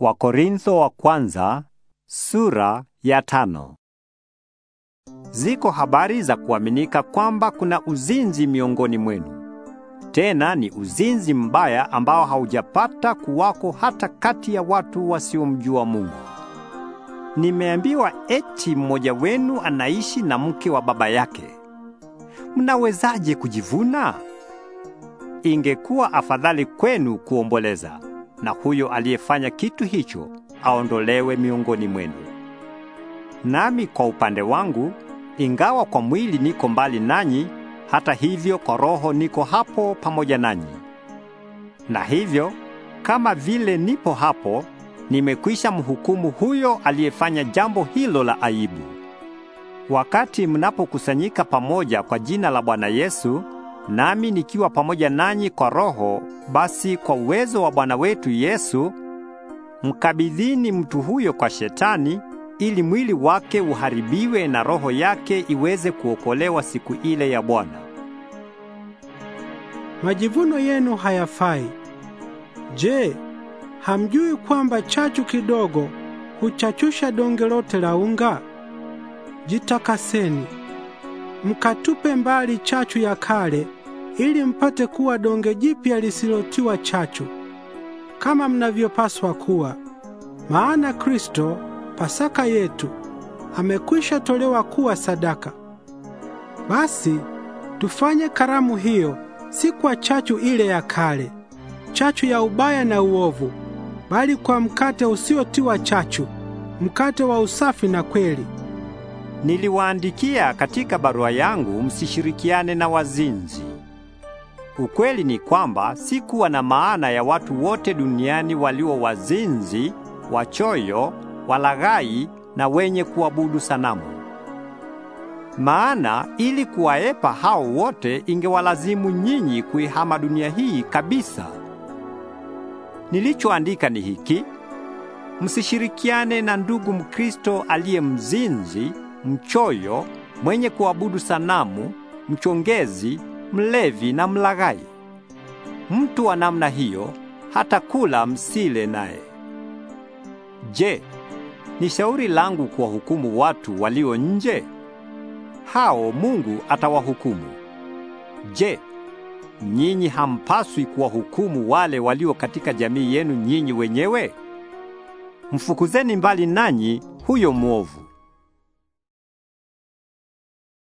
Wakorintho wa kwanza sura ya tano. Ziko habari za kuaminika kwamba kuna uzinzi miongoni mwenu. Tena ni uzinzi mbaya ambao haujapata kuwako hata kati ya watu wasiomjua Mungu. Nimeambiwa eti mmoja wenu anaishi na mke wa baba yake. Mnawezaje kujivuna? Ingekuwa afadhali kwenu kuomboleza na huyo aliyefanya kitu hicho aondolewe miongoni mwenu. Nami kwa upande wangu, ingawa kwa mwili niko mbali nanyi, hata hivyo kwa roho niko hapo pamoja nanyi. Na hivyo kama vile nipo hapo, nimekwisha mhukumu huyo aliyefanya jambo hilo la aibu. Wakati mnapokusanyika pamoja kwa jina la Bwana Yesu, nami nikiwa pamoja nanyi kwa roho, basi kwa uwezo wa Bwana wetu Yesu mkabidhini mtu huyo kwa Shetani ili mwili wake uharibiwe na roho yake iweze kuokolewa siku ile ya Bwana. Majivuno yenu hayafai. Je, hamjui kwamba chachu kidogo huchachusha donge lote la unga? Jitakaseni mkatupe mbali chachu ya kale ili mpate kuwa donge jipya lisilotiwa chachu, kama mnavyopaswa kuwa. Maana Kristo Pasaka yetu amekwisha tolewa kuwa sadaka. Basi tufanye karamu hiyo si kwa chachu ile ya kale, chachu ya ubaya na uovu, bali kwa mkate usiotiwa chachu, mkate wa usafi na kweli. Niliwaandikia katika barua yangu msishirikiane na wazinzi. Ukweli ni kwamba sikuwa na maana ya watu wote duniani walio wazinzi, wachoyo, walaghai na wenye kuabudu sanamu. Maana ili kuwaepa hao wote ingewalazimu nyinyi kuihama dunia hii kabisa. Nilichoandika ni hiki: msishirikiane na ndugu Mkristo aliye mzinzi, mchoyo, mwenye kuabudu sanamu, mchongezi mlevi na mlaghai. Mtu wa namna hiyo hata kula msile naye. Je, ni shauri langu kuwahukumu watu walio nje? Hao Mungu atawahukumu. Je, nyinyi hampaswi kuwahukumu wale walio katika jamii yenu nyinyi wenyewe? Mfukuzeni mbali nanyi huyo mwovu.